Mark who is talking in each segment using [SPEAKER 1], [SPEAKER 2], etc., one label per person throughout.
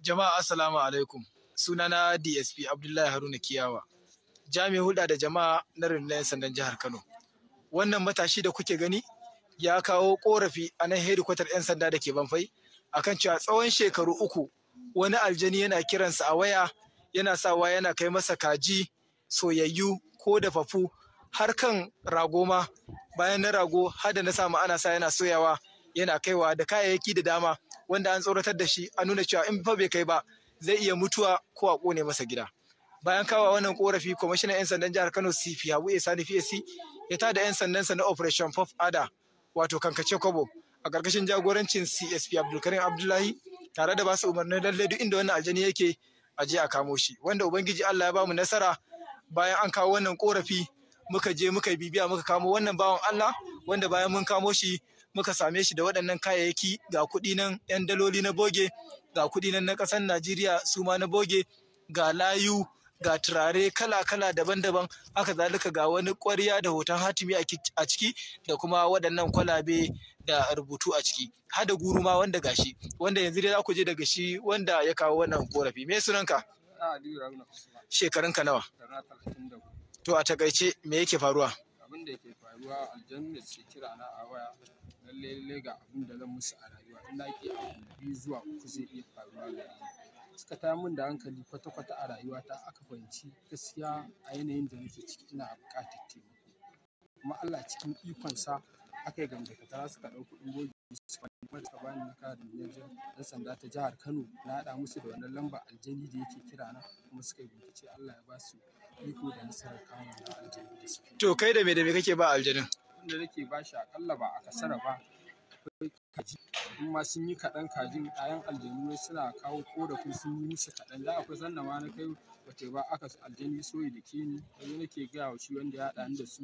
[SPEAKER 1] jama'a assalamu alaikum sunana dsp abdullahi haruna kiyawa jami'in hulɗa da jama'a na rundunar sandan jihar kano wannan matashi da kuke gani ya kawo korafi a nan hedikwatar 'yan sanda da ke banfai A kan cewa tsawon shekaru uku wani aljani yana kiransa a waya yana sawa yana kai masa kaji soyayyu ko dafafu har kan rago ma bayan na rago har da na samu ana sa yana soyawa yana kaiwa da kayayyaki da dama wanda an tsoratar da shi a nuna cewa in fa bai kai ba zai iya mutuwa ko a kone masa gida bayan kawo wannan korafi kwamishinan 'yan sandan jihar kano cp habu sani psc ya tada 'yan sandan sa na operation pop ada wato kankace kobo a karkashin jagorancin csp abdulkarim abdullahi tare da basu umarnin lallai duk inda wannan aljani yake a je a kamo shi wanda ubangiji allah ya bamu nasara bayan an kawo wannan korafi muka je muka bibiya muka kamo wannan bawan allah wanda bayan mun kamo shi muka same shi da waɗannan kayayyaki ga kuɗi nan 'yan daloli na boge ga kuɗi nan na ƙasar najeriya su ma na boge ga layu ga turare kala-kala daban-daban haka zalika ga wani ƙwarya da hoton hatimi a ciki da kuma waɗannan kwalabe da rubutu a ciki hada guru ma wanda gashi wanda yanzu dai za ku je daga shi wanda ya kawo wannan korafi me sunanka shekarunka nawa to a takaice me yake faruwa
[SPEAKER 2] abin da faruwa aljanna ce kira na a waya lalle lalle ga abin da zan musu a rayuwa in na ƙi biyu zuwa uku zai iya faruwa gare ni suka tayar min da hankali kwata kwata a rayuwata aka fahimci gaskiya a yanayin da nake ciki ina buƙatar taimako kuma Allah cikin ikonsa aka yi gamdakata suka ɗau kuɗin goge wanda suka bani na kada da ɗan sanda ta jihar Kano na haɗa musu da wannan lamba aljani da yake kira na kuma suka bincike Allah ya ba su iko da nasarar kamun da aljani da
[SPEAKER 1] To kai da me da me kake ba aljanin?
[SPEAKER 2] kuɗin da nake shi aƙalla ba a kasara ba. kaji, in ma sun yi kaɗan kajin 'ya'yan aljanu wai suna kawo ƙorafin sun yi musu kaɗan. Da akwai sanda ma na kai waje ba aka aljani ya da ya dake ni, nazo nake gaya wa shi wanda ya haɗa da su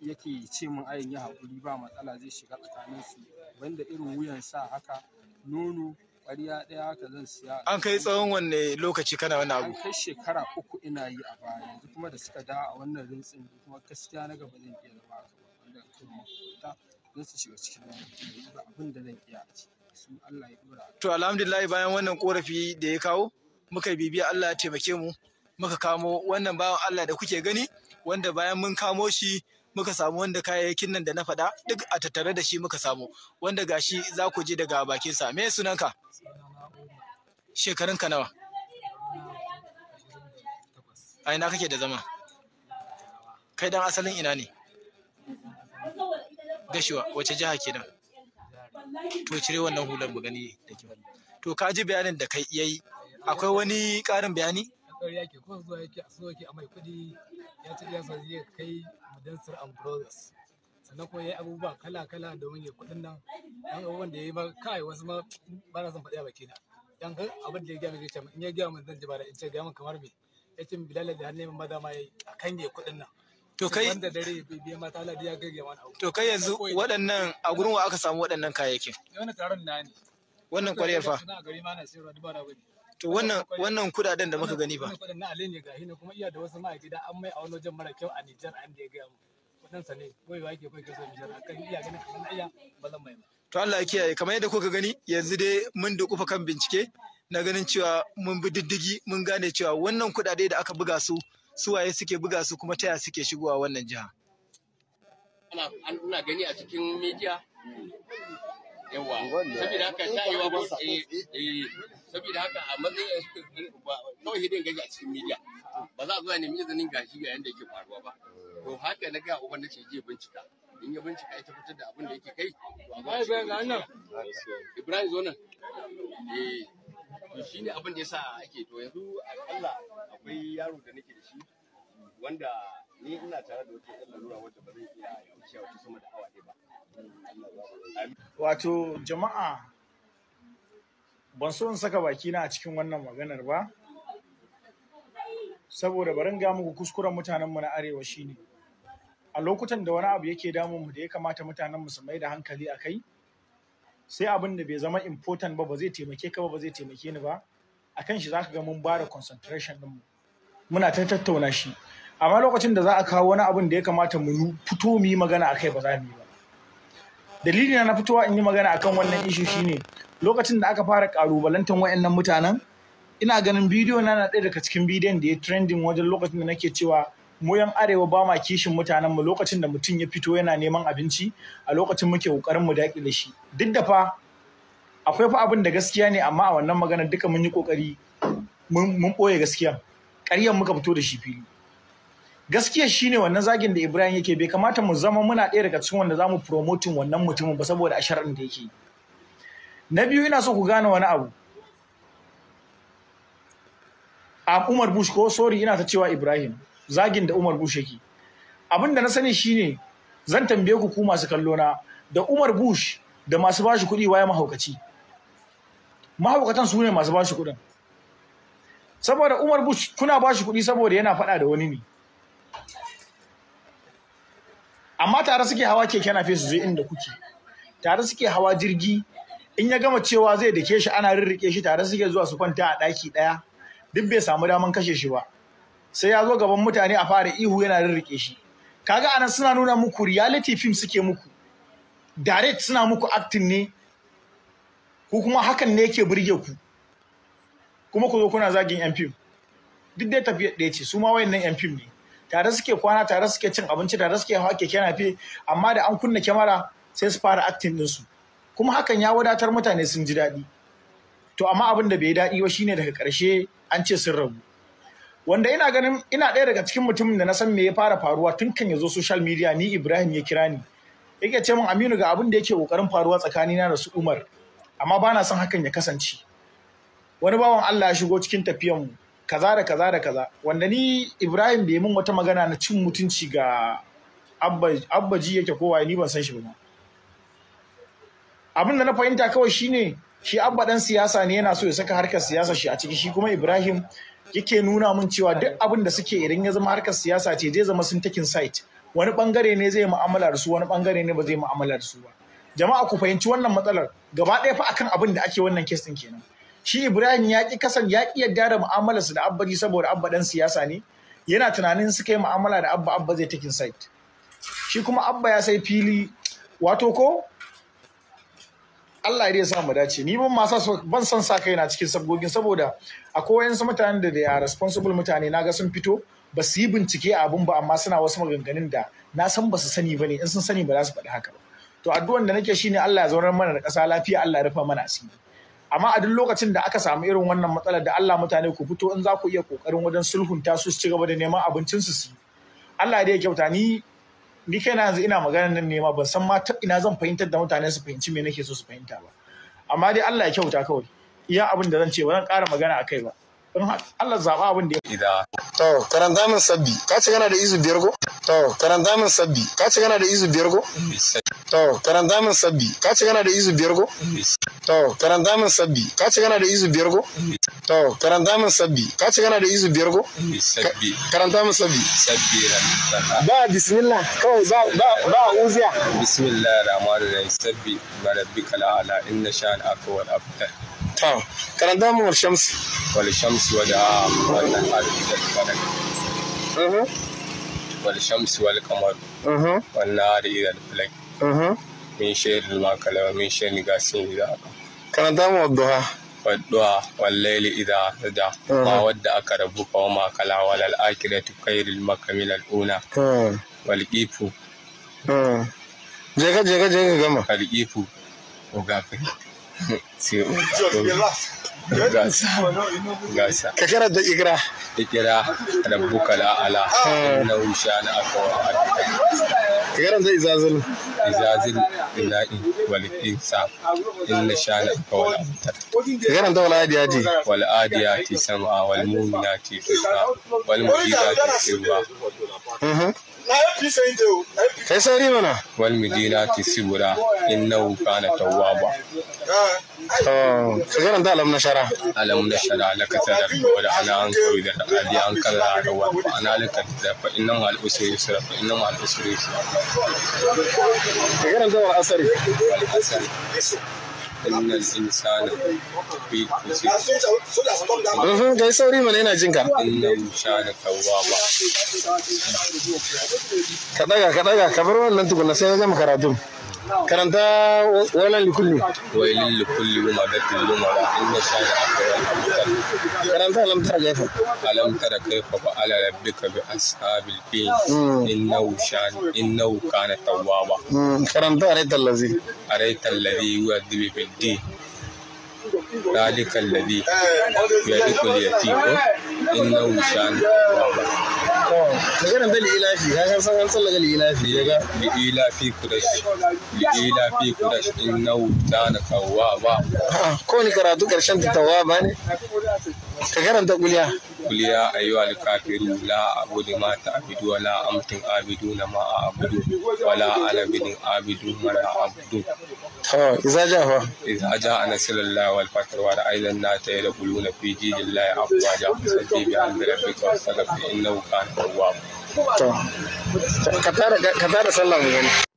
[SPEAKER 2] yake ce min ai in yi haƙuri ba matsala zai shiga tsakanin su. Banda irin wuyan sa haka, nono ƙwarya ɗaya haka zan siya. An kai
[SPEAKER 1] tsawon wanne lokaci kana wani abu? kai
[SPEAKER 2] shekara uku ina yi a baya yanzu kuma da suka dawo a wannan rintsin kuma gaskiya na gaba zan iya zama da kan To
[SPEAKER 1] alhamdulillah bayan wannan korafi da ya kawo muka bibiya Allah ya taimake mu muka kamo wannan bawan Allah da kuke gani wanda bayan mun kamo shi muka samu wanda kayayyakin nan da na faɗa duk a tattare da shi muka samu wanda gashi za ku ji daga bakin sa me sunanka shekarunka nawa a ina kake da zama kai dan asalin ina ne gashiwa wace jiha kenan to cire wannan hular mu gani da kyau to ka ji bayanin da kai yayi
[SPEAKER 2] akwai wani karin bayani ƙarya yake ko zuwa yake a so yake a mai kudi ya ce ya sanje ya kai mudansar ambrosius sannan kuma yayi abubuwa kala-kala domin ya kudin nan dan abubuwan da yayi ba kai wasu ma ba na son faɗi a baki dan har abin da ya gaya min zai ce in ya gaya min zan ji ba da in ce ga mun kamar me yace bilal da hannun maza ma ya kan ya kudin nan to kai wanda dare bai mata ladi ya gage wani to
[SPEAKER 1] kai yanzu waɗannan a gurin wa aka samu waɗannan kayayyakin
[SPEAKER 2] wannan
[SPEAKER 3] taron na ne
[SPEAKER 1] wannan kwaryar fa
[SPEAKER 2] to wannan wannan kudaden da muka gani ba kudaden na alenye gahi ne kuma iya da wasu ma'aikata an mai a wani wajen mara kyau a Nijar an da ya gaya mu Wannan sa ne wai wa yake kai kaso Nijar akan iya ganin kan iya ba zan mai
[SPEAKER 1] to Allah ya kiyaye kamar yadda kuka gani yanzu dai mun dukufa kan bincike na ganin cewa mun bi diddigi mun gane cewa wannan kudade da aka buga su suwaye suke buga su kuma taya suke shigowa wannan jiha
[SPEAKER 3] ana gani a cikin media yawa saboda haka ta yi wa eh, eh, saboda haka a matsayin kawai hidin gaji a cikin media ba za
[SPEAKER 2] a zuwa nemi izinin gashi ga yadda yake faruwa ba to haka na ga uban nace je bincika in ya bincika ya tabbatar da abin da yake kai to a ibrahim zo nan eh
[SPEAKER 3] to shi ne abin da yasa ake to yanzu akalla akwai yaro da nake da shi wanda ni ina tare da wata yan lalura wadda ba zai iya wucewa wata sama da awa ɗaya
[SPEAKER 4] ba wato jama'a ban so in saka bakina a cikin wannan maganar ba saboda barin ga muku kuskuren mutanenmu na arewa shine a lokutan da wani abu yake damun mu da ya kamata mutanen mu su mai da hankali a kai sai abin da bai zama important ba ba zai taimake ka ba ba zai taimake ni ba a kan shi za ka ga mun bada da concentration din mu muna ta tattauna shi amma lokacin da za a kawo wani abin da ya kamata mu fito mu yi magana a kai ba za mu yi ba dalili na fitowa in yi magana a kan wannan ishu shine lokacin da aka fara kalubalantar wayannan mutanen ina ganin bidiyo na na ɗaya daga cikin bidiyon da ya trending wajen lokacin da nake cewa mu yan arewa ba ma kishin mutanen mu lokacin da mutum ya fito yana neman abinci a lokacin muke kokarin mu da shi duk da fa akwai fa abin da gaskiya ne amma a wannan magana duka mun yi kokari mun boye gaskiya ƙaryar muka fito da shi fili gaskiya shine wannan zagin da Ibrahim yake bai kamata mu zama muna ɗaya daga cikin wanda zamu promoting wannan mutumin ba saboda a shar'in da yake na biyu ina so ku gane wani abu a Umar Bush ko sorry ina ta cewa Ibrahim zagin da Umar Bush yake abin da na sani shine zan tambaye ku ku masu kallo na da Umar Bush da masu bashi kuɗi waye mahaukaci mahaukatan su ne masu bashi kuɗin saboda Umar Bush kuna bashi kuɗi saboda yana faɗa da wani ne amma tare suke hawa keke na su zai inda kuke tare suke hawa jirgi in ya gama cewa zai dake shi ana rirrike shi tare suke zuwa su kwanta a ɗaki ɗaya duk bai samu daman kashe shi ba sai ya zo gaban mutane a fara ihu yana rirrike shi kaga anan suna nuna muku reality film suke muku direct suna muku acting ne ko kuma hakan ne yake burge ku kuma ku zo kuna zagin yan fim duk dai tafiyar ɗaya ce su ma wayannan yan fim ne tare suke kwana tare suke cin abinci tare suke hawa keke na nafe amma da an kunna kyamara sai su fara acting su. kuma hakan ya wadatar mutane sun ji daɗi to amma abin da bai daɗi ba shine daga ƙarshe an ce sun rabu wanda ina ganin ina ɗaya daga cikin mutumin da na san me ya fara faruwa tun kan ya zo social media ni Ibrahim ya kira ni yake ce min Aminu ga abin da yake kokarin faruwa tsakanina da su Umar amma bana son hakan ya kasance wani bawan Allah ya shigo cikin tafiyan mu kaza da kaza da kaza wanda ni Ibrahim bai min wata magana na cin mutunci ga abba ji yake kowa ni ban san shi ba abin da na fahimta kawai shine shi abba dan siyasa ne yana so ya saka harkar siyasa shi a ciki shi kuma Ibrahim yake nuna mun cewa duk abin da suke idan ya zama harkar siyasa ce zai zama sun takin site wani bangare ne zai mu'amala da su wani bangare ne ba zai mu'amala da su ba jama'a ku fahimci wannan matsalar gaba ɗaya fa akan abin da ake wannan kes ɗin kenan shi Ibrahim ya ki kasan ya ki yadda da mu'amalar su da Abba saboda Abba dan siyasa ne yana tunanin suka yi mu'amala da Abba Abba zai takin site shi kuma Abba ya sai fili wato ko Allah ya sa mu dace ni ban masa ban san sa kaina cikin sabgogin saboda akwai wayansu mutanen da da responsible mutane na ga sun fito ba su yi bincike a abun ba amma suna wasu maganganun da na san ba su sani ba ne in sun sani ba za su faɗi haka ba to addu'an da nake shine Allah ya zaunar mana da ƙasa lafiya Allah ya rufa mana asiri amma a duk lokacin da aka samu irin wannan matsalar da Allah mutane ku fito in za ku iya kokarin wajen sulhunta su su ci gaba da neman abincin su su Allah ya ya kyauta ni ni kai na yanzu ina magana nan ne ma ban san ma ina zan fahimtar da mutane su fahimci me nake so su fahimta ba amma dai Allah ya kyauta kawai iya abin da zan ce ba zan ƙara magana akai ba don Allah zaɓa abin da ya ida. To, karanta min sabbi, ka ce kana da izu biyar ko? To, karanta min sabbi, ka ce kana da izu biyar ko? To, karanta min sabbi, ka ce kana da izu biyar ko? To, karanta min sabbi, ka ce
[SPEAKER 2] kana da izu biyar ko? To, karanta min sabbi, ka ce kana da izu biyar ko? Karanta min sabbi. Sabbi Ba bismillah, kawai ba ba ba uziya. Bismillah
[SPEAKER 3] rahmanu rahim sabbi barabbika la'ala inna sha'an aka wal to karanta mu shamsi wal shamsi wa ah, da mm-hmm. mm-hmm. wannan hadu da kada mhm wal shamsi wal qamar mhm wan nari da falak mhm min sharril ma kala min sharri gasin idha karanta mu duha wadduha wal layli idha da. ma mm-hmm. wadda aka rabu kawo ma kala mm. wal akhiratu khairil makamil al una wal qifu jega jega jega gama al qifu ogafi gasa kakarar da igira igira rabbuka la'ala na wusha na akawa abita da izazil izazil ila'i wal insa inna sha na akawa abita kakarar da wal adiyati wal adiyati sama wal muminati tuba wal mujizati silba kai sauri mana wal mujizati sibura innahu kana tawwaba
[SPEAKER 2] Eh, eh, to, shigar da
[SPEAKER 3] alamun shara. Alamun shara ala kata da wani ana an kawai da ɗadi an kala a rawa ana da kata da faɗin nan wal su da faɗin nan wal usuri su. Shigar da wal asari. Wal asari. Inna insana fi
[SPEAKER 2] kusur. Mhm, kai
[SPEAKER 3] sauri mana ina jin ka. Inna insana tawwaba.
[SPEAKER 2] Ka daga ka daga ka bar wannan tukunna sai gama makaratu. كرنتا ولا لكل ويل
[SPEAKER 3] لكل وما بيت لهم على إن شاء كرنتا لم ترى كيف ألم ترى كيف فعل ربك بأصحاب الفيل إنه شان إنه كان توابا كرنتا أريت الذي أريت الذي يؤدب في الدين ذلك الذي يدك اليتيم إنه شان توابا magana da lilafi ya kan san hansan daga lilafi ya ga lilafi kudash
[SPEAKER 2] lilafi kudash
[SPEAKER 3] in nau ta na ba. ko ni karatu karshen tawaba ne
[SPEAKER 2] ka karanta kuliya kuliya
[SPEAKER 3] a yi wa alkafiru la abu da ma ta abidu wa la amtin abidu na ma a abudu wa la alabinin abidu ma na abudu. Iza ja fa? da ailan ta yi da bulu na fiji da la ya abu wa ja kusan tebi an da rafi ka wasu daga
[SPEAKER 1] fi Ka tara sallah
[SPEAKER 3] mu gani.